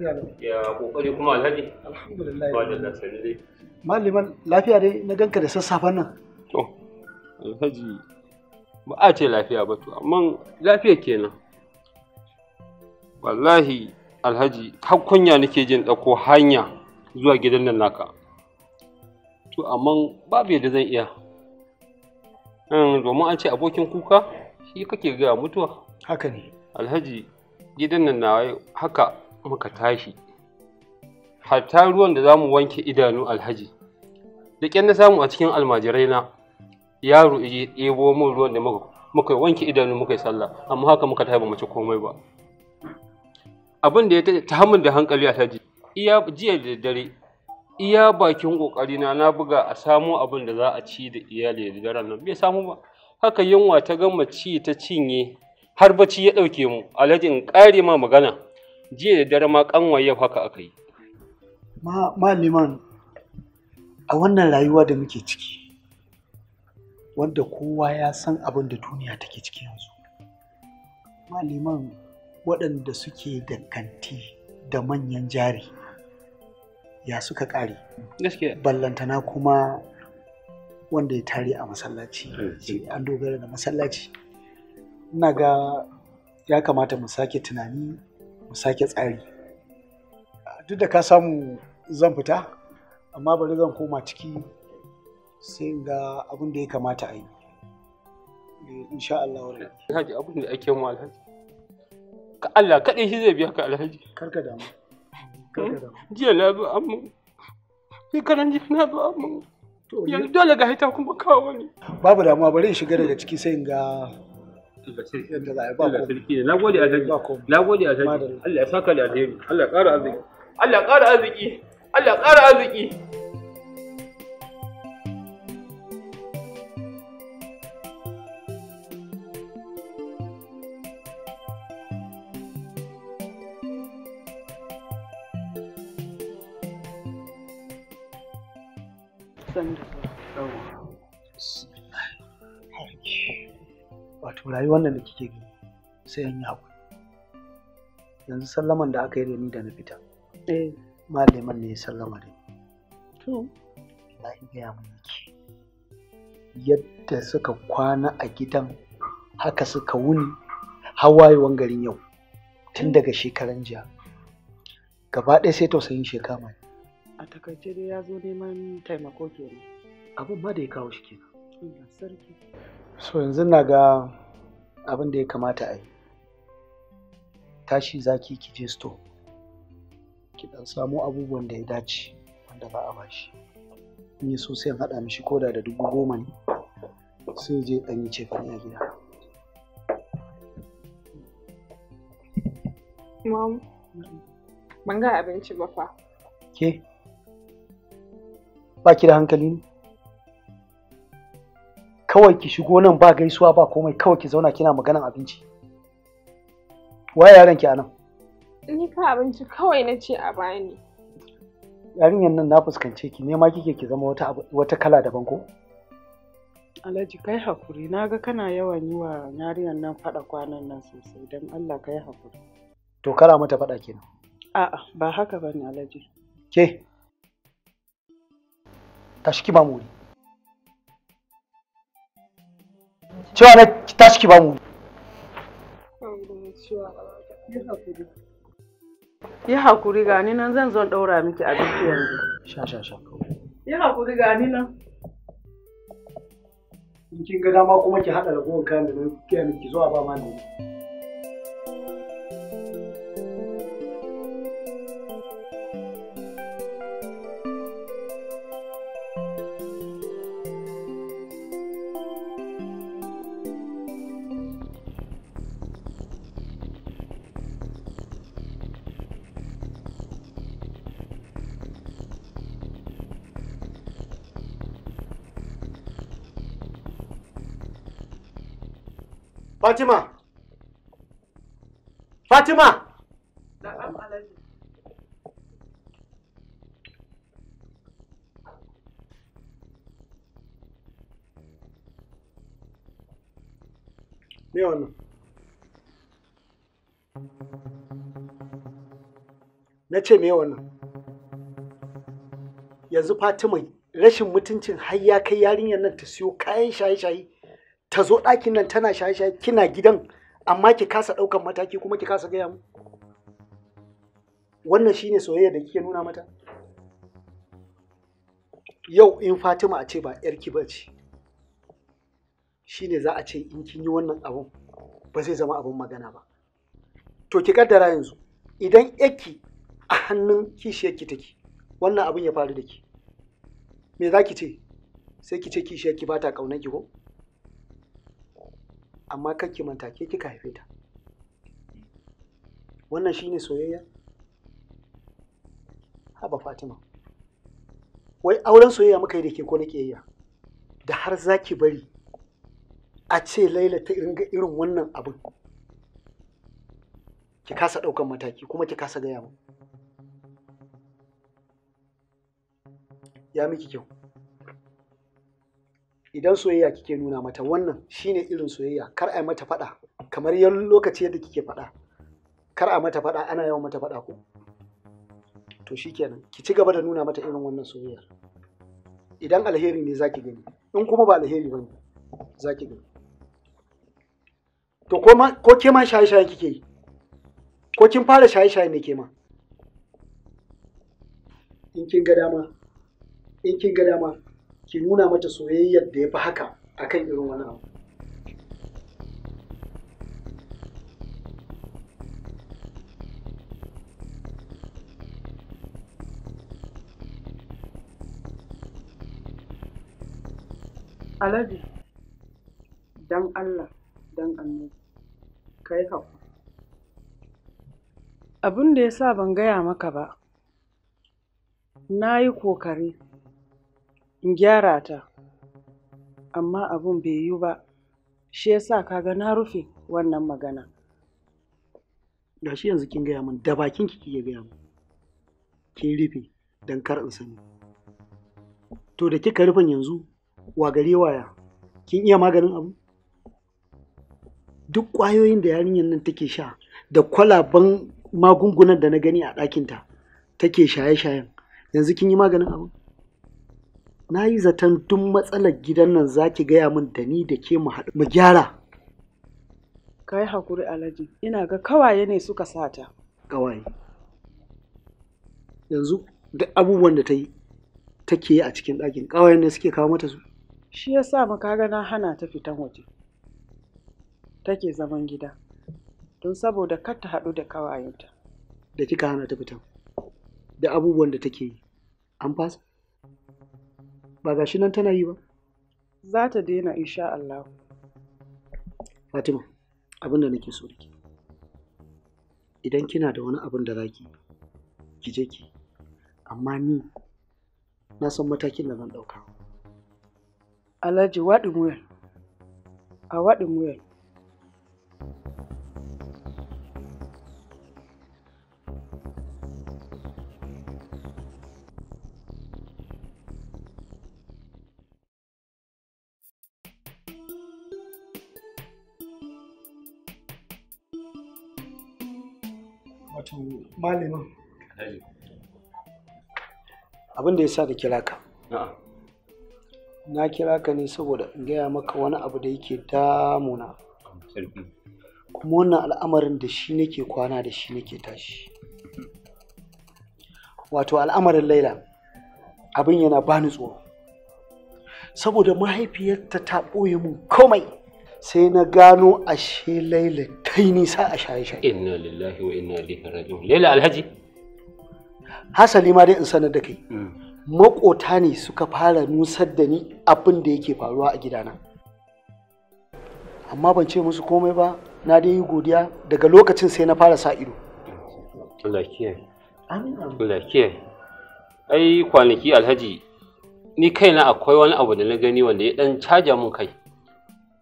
lafiya lau. Ya kokari kuma alhaji. Alhamdulillah. Ba da lasani dai. Maliman lafiya dai na ganka da sassafen nan. To, alhaji ba a ce lafiya ba to, amma lafiya kenan. Wallahi alhaji har kunya nake jin ɗauko hanya zuwa gidan nan naka. To, amma babu yadda zan iya. Domin an ce abokin kuka shi kake gaya mutuwa. Haka ne. Alhaji gidan nan na haka muka tashi hatta ruwan da za mu wanke idanu alhaji da ƙyan na samu a cikin almajirai na yaro ya ɗebo min ruwan da muka wanke idanu muka yi sallah amma haka muka taɓa mace komai ba abin da ya ta hamun da hankali alhaji iya jiya da dare iya bakin ƙoƙarina na buga a samo abin da za a ci da iyali da daren nan bai samu ba haka yunwa ta gama ci ta cinye har bacci ya ɗauke mu alhaji in ƙare ma magana jiya da dare ma kanwaye haka aka yi ma liman a wannan rayuwa da muke ciki wanda kowa ya san abin da duniya take ciki yanzu liman waɗanda suke da kanti da manyan jari ya suka ƙare ballantana kuma wanda ya tare a masallaci eh, eh, an dogara da masallaci ina ga ya kamata mu sake tunani mu sake tsari duk da ka samu zan fita amma bari zan koma ciki sai ga abin da ya kamata a yi eh, insha Allah wani alhaji abin da ake mu alhaji ka Allah kaɗai shi zai biya ka alhaji karka damu hmm? jiya na zo amma shekaran jiya na zo amma yanzu dole ga haita kuma kawo ne babu damuwa bari in shiga daga ciki sai in ga sarki na gode alhaji na gode alhaji Allah ya saka da alheri Allah ya ƙara arziki Allah ya ƙara arziki Allah ya ƙara arziki Sanda. wato rayuwar nan da kike gani sai an yi haƙuri yanzu sallaman da aka yi da ni da na fita Eh maliman ne ya sallama da ni to lahi gaya mun yake yadda suka kwana a gidan haka suka wuni hawayewan garin yau tun eh. daga shekaran jiya gaba ɗaya sai tausayin mai. a takaice dai ya zo neman taimako kenan abin ma da ya kawo shi kenan so yanzu na ga abin da ya kamata a yi tashi zaki ki je sto ki dan samu abubuwan da ya dace wanda ba a bashi in yi so sai haɗa mishi koda da dubu goma ne sai je ɗan yi cefane a gida Mom, ban ga abinci ba fa. Ke? Ba ki da hankali ne? kawai ki shigo nan ba gaisuwa ba komai kawai ki zauna kina maganan abinci waye yaron ki anan ni ka abinci kawai na ce a bani yarinyar nan na fuskance ki nema kike ki zama wata wata kala daban ko Alhaji kai hakuri na ga kana yawan yi wa yarinyar nan faɗa kwanan nan sosai don Allah kai hakuri to kara mata faɗa kenan a'a ba haka bane Alhaji ke tashi ki ba muri cewa na ki tashi ki ba mu yi hakuri gani nan zan zon ɗaura miki abinci yanzu sha sha sha yi hakuri gani nan in kin ga dama kuma ki haɗa da kayan da na kiyaye miki zuwa ba ma ne Fatima! Fatima! Me wannan? Na ce me wannan? Yanzu Fatima rashin mutuncin har ya kai yarinyar nan ta siyo kayan shaye-shaye ta zo ɗakin nan tana shaye-shaye kina gidan amma ki kasa ɗaukan mataki kuma ki kasa gaya mu wannan shine soyayya da kike nuna mata yau in fatima a ce ba ki ba ce shine za a ce in kin yi wannan abun ba zai zama abun magana ba to ki kaddara yanzu idan yarki a hannun kishiyarki take wannan abun ya faru da ki me za ki ce sai ki ce kishiyarki ba ta ƙaunar ki ko amma kake manta ke kika haife ta wannan shine soyayya haba fatima wai auren soyayya muka yi da ke ko na ƙiyayya da har zaki bari a ce laila ta ringa irin wannan abin ki kasa ɗaukan mataki kuma ki kasa gaya mu ya miki kyau idan soyayya kike nuna mata wannan shine irin soyayya kar a mata faɗa kamar yan lokaci yadda kike faɗa kar a mata faɗa ana yawan mata faɗa ko to shikenan ki ci gaba da nuna mata irin wannan soyayya. idan alheri ne zaki gani in kuma ba alheri ba ne zaki gani to ko ke ma shaye-shaye kike yi ko kin fara shaye-shaye ne ke ma in kin ga dama in kin ga dama ki nuna mata soyayyar da ya fi haka akan irin wani abu Alhaji, don Allah, don Allah, ka yi haƙuri. Abin da ya sa ban gaya maka ba, na yi ƙoƙari in gyara ta amma abun bai yi ba shi yasa kaga na rufe wannan magana ga shi yanzu kin gaya min da bakin ki kike gaya min kin rufe dan kar in sani to da kika rufe yanzu wa gare waya kin iya maganin abu duk ƙwayoyin da yarinyar nan take sha da kwalaban magungunan da na gani a ɗakinta take shaye-shayen yanzu kin yi maganin abu na yi zaton duk matsalar gidan nan za ki gaya min da ni da ke mu gyara ka yi haƙuri alhaji ina ga kawaye ne suka sata kawaye yanzu duk abubuwan da ta yi take yi a cikin ɗakin kawaye ne suke kawo mata su shi ya sa kaga na hana ta fitan waje take zaman gida don saboda kar ta haɗu da kawayenta da kika hana ta fitan da abubuwan da take yi an fasa ba ga shi nan tana yi ba za ta daina insha Allah Fatima abin da nake so ki idan kina da wani abin da zaki ki je ki amma ni na san matakin da zan ɗauka Alhaji waɗin wuyar a waɗin wuyar malamin abin da ya sa da kira ka na kira ka ne saboda in gaya maka wani abu da yake damuna kuma wannan al'amarin da shi nake kwana da shi nake tashi wato al'amarin laila abin yana bani tsoro saboda mahaifiyarta ta ɓoye mun komai sai na gano ashe laila ta yi nisa a shaye-shaye inna lillahi wa inna ilaihi raji'un laila alhaji hasali ma dai in sanar da kai mm. makota ne suka fara nusar da ni abin da yake faruwa a gidana amma ban ce musu komai ba na dai yi godiya daga lokacin sai na fara sa ido ai kwanaki alhaji ni kaina akwai wani abu da na gani wanda ya ɗan caja mun kai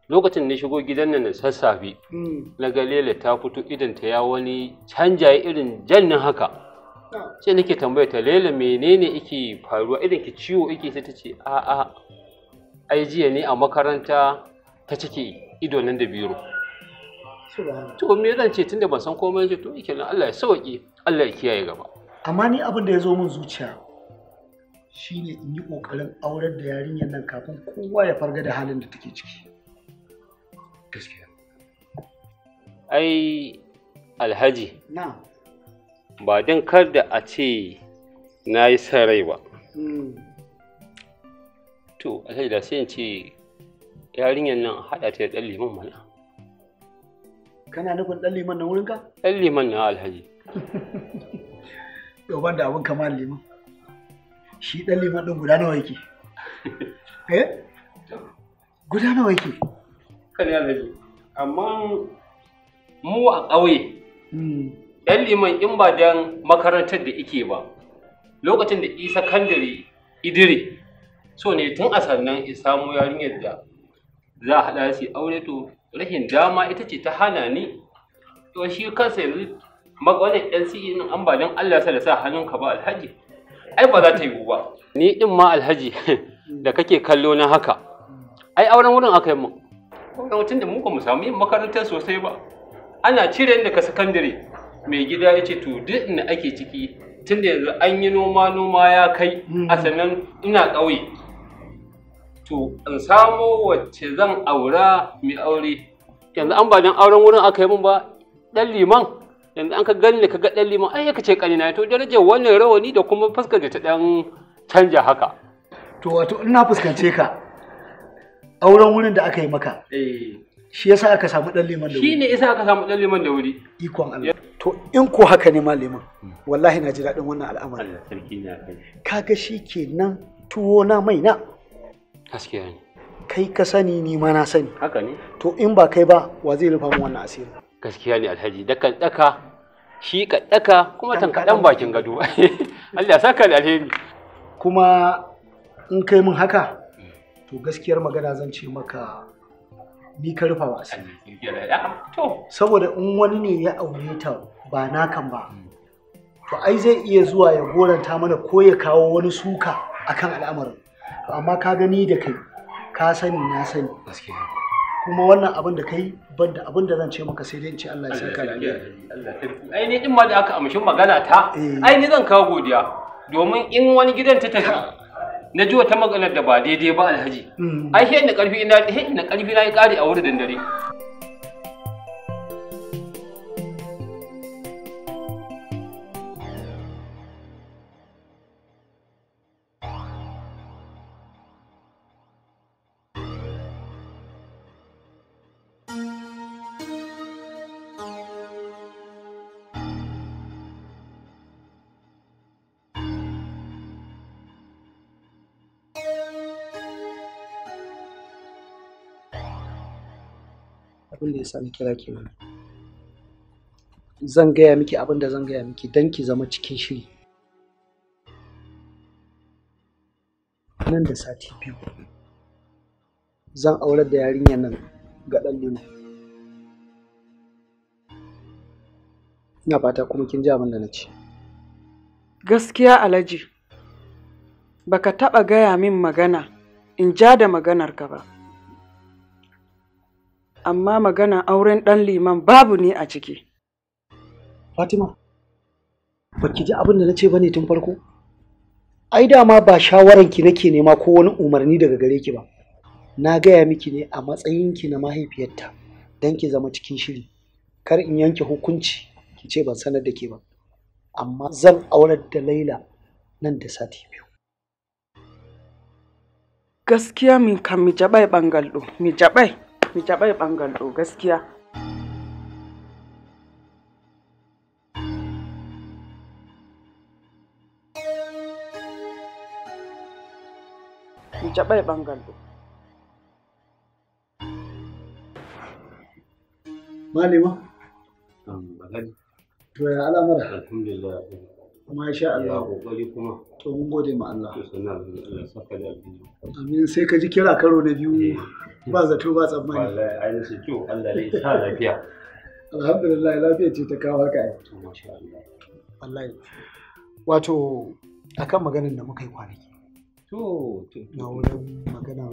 lokacin na shigo gidan nan sassafe hmm. na ga lela ta fito idan ta ya wani canja irin jannin haka ah. sai nake tambaya ta lela menene ike faruwa idan ki ciwo ike ta ce a'a ai jiya ne a makaranta ta cike ido nan da biro to me zan ce tunda ban san komai ce to yake nan Allah ya sauki, Allah ya kiyaye gaba amma ni abin da ya zo min zuciya shine in yi kokarin aurar da yarinyar nan kafin kowa ya farga da halin da take ciki ai alhaji ba don kar da a ce na yi son rai ba hmm. to alhaji da sai in ce yarinyar nan haɗa ta da ɗan liman mana kana nufin ɗan liman na wurinka? ɗan liman na alhaji yau ban da abin kamar liman shi ɗan liman ɗin guda nawa yake eh guda nawa yake haka da amma mu a ƙauye hmm. ɗan liman in ba dan makarantar da ike ba lokacin da isa kandare idire so ne tun a sannan in samu yarinyar da za a haɗa su aure to rashin dama ita ce ta hana ni to shi kansa yanzu maganin ɗan e in an ba don Allah sa da sa hannunka ba alhaji ai ba za ta yi ba ni ɗin ma alhaji da kake kallo na haka ai auren wurin aka yi mun tun da mu ba mu samu yin makarantar sosai ba ana cire daga sakandare mai gida ya ce to duk inda ake ciki tun da yanzu an yi noma noma ya kai a sannan ina ƙauye to in samo wacce zan aura mai aure yanzu an ba auren wurin aka yi mun ba ɗan liman yanzu an ka gani ka ga ɗan liman ai ka ce ƙanina to darajar wannan rawani da kuma fuskar da ta ɗan canja haka to wato ina fuskance ka auren wurin da aka yi maka eh. shi yasa aka samu ɗan liman da wuri ne yasa aka samu ɗan liman da wuri ikon Allah to in ko haka ne ma liman wallahi na ji daɗin wannan al'amari kaga shi ke nan tuwo na mai na Haske ne kai ka sani ni ma na sani haka ne to in ba kai ba wa zai rufa mu wannan asiri gaskiya ne alhaji dakan daka shi ka daka kuma tankaɗan bakin gado Allah ya saka alheri kuma in kai mun haka to gaskiyar magana zan ce maka ni ka rufa wasu. saboda in wani ne ya aure ta ba nakan ba hmm. to ai zai iya zuwa ya goranta mana ko ya kawo wani suka akan al'amarin to amma ka gani da kai ka sani na sani kuma wannan abin da kai ban da abin da zan ce maka sai dai in ce Allah ya saka ka ai ni in ma da aka amshin magana ta eh. ai ni zan kawo godiya domin in wani gidan ta tafi na ji wata maganar da ba daidai ba alhaji mm. ai na karfi na na karfi na ya kare a wurin dare ne yasa na kira ki zan gaya miki abin da zan gaya miki don ki zama cikin shiri nan da sati biyu zan aurar da yarinyar nan ga ɗan lemu ina fata kuma kin ji abin da na ce gaskiya alhaji baka taɓa gaya min magana in ja da maganar ka ba amma magana auren ɗan liman babu ne a ciki. Fatima, ba ki ji abin da na ce ba ne tun farko? Ai dama ba ki nake nema ko wani umarni daga gare ki ba. Na gaya miki ne a matsayinki na mahaifiyarta don ki zama cikin shiri. Kar in yanke hukunci ki ce ban sanar da ke ba. Amma zan aurar da Laila nan da sati biyu. Gaskiya min kan mi jaɓai ɓangal ɗo, mi jaɓai. mai taɓa ɓangal ɗo gaskiya mai taɓa ɓangal ɗo malima alhaji to ya al'amura alhamdulillah Masha Allah. Kokari kuma. To mun gode ma Allah. To Allah saka da Amin sai ka ji kira karo na biyu ba zato ba tsammani. Wallahi ai na Allah ne sa lafiya. Alhamdulillah lafiya ce ta kawo ka ai. To masha Allah. Wallahi. Wato akan maganar da muka yi kwanaki. To to. Na wurin magana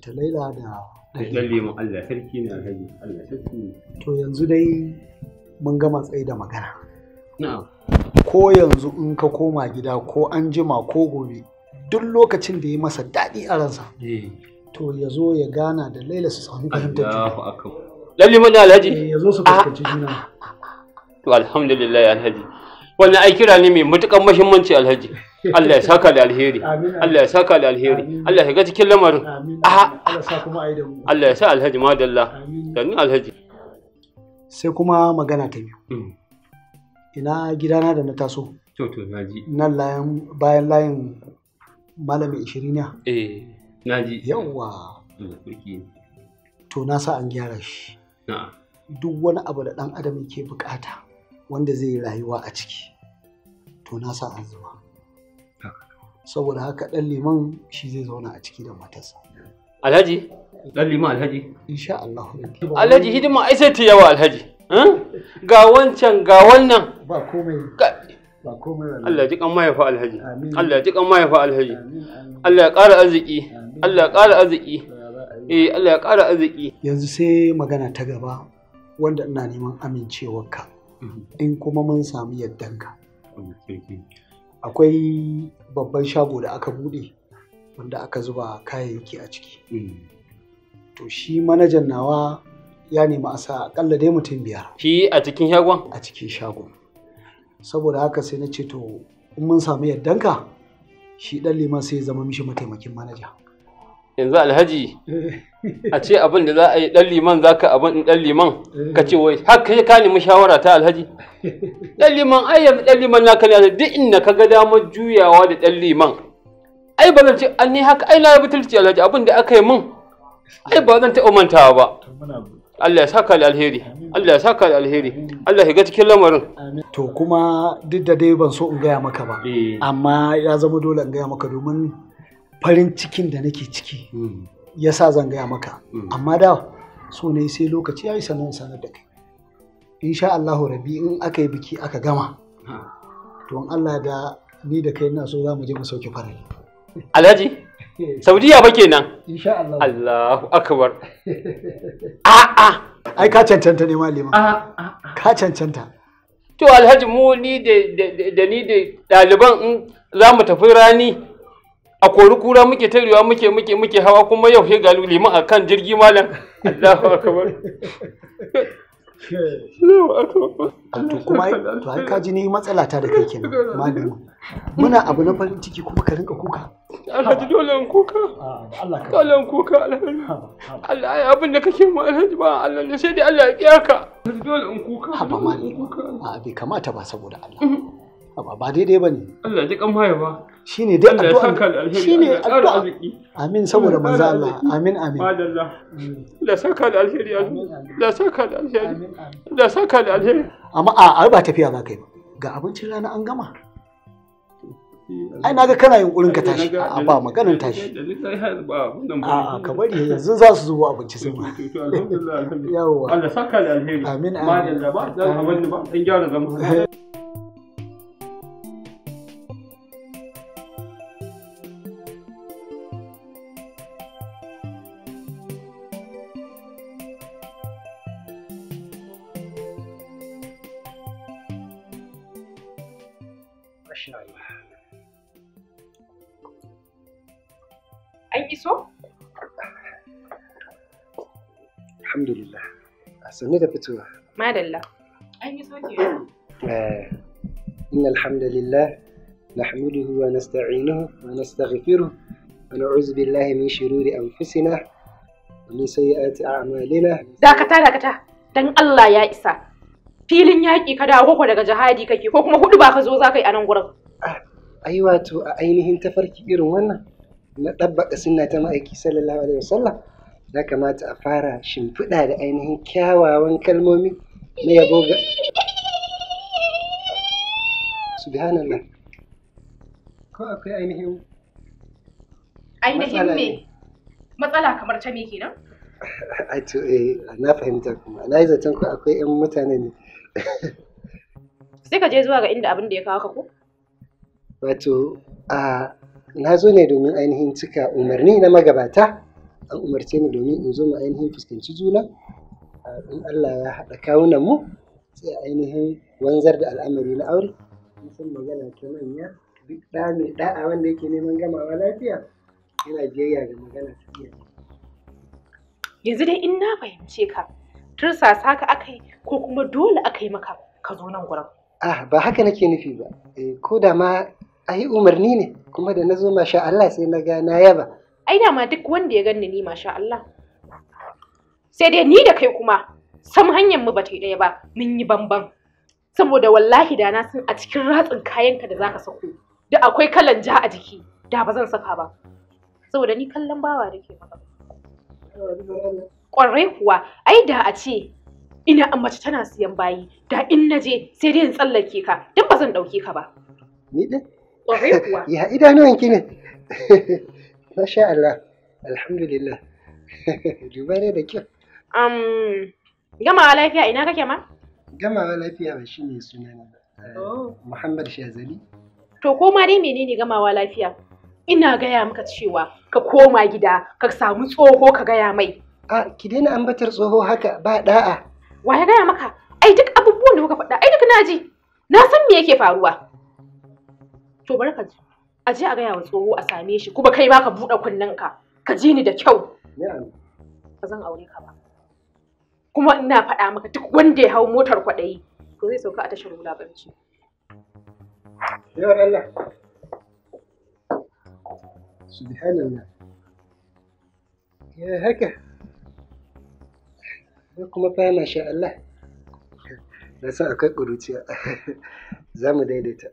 ta Laila da Lalle mu Allah sarki ne alhaji Allah sarki. To yanzu dai mun gama tsaye da magana. Na'am. ko yanzu in ka koma gida ko an jima ko gobe duk lokacin da ya masa daɗi a ransa eh. to ya zo ya gana da laila su sami fahimtar juna lalle mun alhaji eh, ya zo su fahimci juna to alhamdulillah alhaji wannan ai kira ne mai matukan muhimmanci alhaji Allah ya saka da alheri Allah ya saka da alheri Allah ya ga cikin lamarin Allah ya sa alhaji madalla da ni alhaji sai kuma magana ta biyu hmm. ina gidana da na taso to naji nan layan bayan layin malamin ishiriniya? eh naji yawa to na sa an gyara shi duk wani abu da ɗan adam ke bukata wanda zai rayuwa a ciki to na sa an zuwa saboda haka ɗan liman shi zai zauna a ciki da matarsa alhaji ɗan liman alhaji insha Allah alhaji hidima ai sai ta yawa alhaji ga wancan ga wannan ba komai Allah ji kan mahaifa alhaji Allah ji kan mahaifa alhaji Allah ya ƙara arziki Allah ya ƙara arziki eh Allah ya ƙara arziki yanzu sai magana ta gaba wanda ina neman amincewarka mhm. in kuma mun samu yaddanka mm, akwai babban shago da aka bude wanda aka zuba kayayyaki a ciki mm. to shi manajan nawa ya nemi a sa akalla dai mutum biyar. Shi a cikin shagon? A cikin shagon. Saboda haka sai na ce to in mun samu yardanka shi dan liman sai ya zama mishi mataimakin manaja. Yanzu alhaji eh. a ce abin da za a yi dan liman za ka abin dan liman ka ce wai eh. har kai ka nemi shawara ta alhaji. Dan liman ai yanzu dan liman na kana duk inda ka ga damar juyawa da dan liman. Ai ba zan ce an ne haka ai na yi butulci alhaji abin da aka yi min. Ai ba zan taɓa mantawa ba. Allah ya saka da alheri Allah ya saka da alheri Allah ya ga cikin lamarin to kuma duk da dai ban so in gaya maka ba eh. amma ya zama dole in gaya maka domin farin cikin da nake ciki ya sa zan gaya maka hmm. amma da so ne sai lokaci ya yi sanar sanar da kai insha Allahu rabi in aka yi biki aka gama to in Allah da ni da kai ina so za mu je mu sauke farin. alhaji Saudiya ba kenan. Insha Allah. Allahu akbar. A'a. Ai ka cancanta ne malima. A'a. Ka cancanta. To Alhaji mu ni da ni da ɗaliban in za mu tafi rani a kori kura muke tarewa muke muke muke hawa kuma yau sai ga liman akan jirgi malam. Allahu akbar. to kuma to ai ka ji matsala ta da kai kenan malami muna abu na farin ciki kuma ka rinka kuka alhaji dole in kuka ah, dole in kuka alhaji Allah ya abin da kake mu alhaji ba Allah ne sai dai Allah ya kiyaka Alhaji dole in kuka haba malami Abi ah, kamata ba saboda Allah mhm. ba daidai ba ne. Allah ji kan Shi ne dai addu'a. Shi ne addu'a. Amin saboda manzo Allah. Amin amin. Madalla. Allah saka da alheri. Allah saka da alheri. Allah saka da alheri. Amma a ba tafiya za kai ba. Ga abincin rana an gama. Ai na ga kana yunkurin ka tashi. A ba maganin tashi. A ka bari yanzu za su abinci Amin amin. sannu da fitowa madalla an yi soke إن الحمد لله نحمده ونستعينه ونستغفره ونعوذ بالله من شرور أنفسنا ومن سيئات أعمالنا داكتا داكتا دان الله يا إسا filin yaƙi ka dawo ko daga jihadi kake ko kuma hudu ba ka zo za ka yi a nan gurin. Ah, ai wato a ainihin tafarki irin wannan na ɗabbaƙa sunna ta ma'aiki sallallahu alaihi wa sallam. ya kamata a fara shimfiɗa da ainihin kyawawan kalmomi na yabo ga subhanallah ko akwai ainihin ainihin me matsala kamar ta me kenan to eh na fahimta kuma na yi zaton ko akwai yan mutane ne sai ka je zuwa ga inda abin da ya kawo ka ko wato a na zo ne domin ainihin cika umarni na magabata an umarce ni domin in zo mu ainihin fuskanci juna in Allah ya haɗa kawunan mu sai ainihin wanzar da al'amari na aure musan magana ta manya duk ɗa mai ɗa'a wanda yake neman gamawa lafiya yana biyayya ga magana ta iya yanzu dai in na fahimce ka tursasa ka aka yi ko kuma dole aka yi maka ka zo nan gurin ah ba haka nake nufi ba eh, ko da ma a yi umarni ne kuma da na zo masha Allah sai na ga na yaba ai dama duk wanda ya ganni ni masha Allah sai dai ni da kai kuma sam hanyar mu ba bata ɗaya ba mun yi bamban saboda wallahi da na san a cikin ratsin kayanka da zaka sako da akwai kalan ja a jiki da ba zan saka ba saboda ni kallon bawa da ke maka ƙwarai kuwa ai da a ce ina an mace tana siyan bayi da in na je sai dai in tsallake ka duk ba zan ɗauke ka ba ni ɗin kwarai kuwa ya idanuwanki ne Masha Allah, alhamdulillah. Duba ne da kyau. Um, gamawa lafiya ina kake ma? Gamawa lafiya ba shine sunana ba. Muhammad Shazali. To ko ma dai menene gamawa lafiya? Ina gaya maka cewa ka koma gida ka samu tsoho ka gaya mai. A ki daina ambatar tsoho haka ba da'a. Wa ya gaya maka? Ai duk abubuwan da kuka faɗa ai duk na ji. Na san me yake faruwa. To barka ji. a je a gaya wa tsoho a same shi kuma kai ma ka buɗe kunninka ka ji ni da kyau ba zan aure ka ba kuma ina faɗa maka duk wanda ya hau motar kwaɗayi to zai sauka a tashar wulaƙanci yawan Allah subhanallah ya haka Ya kuma fa masha Allah na sa akwai ƙuruciya za mu daidaita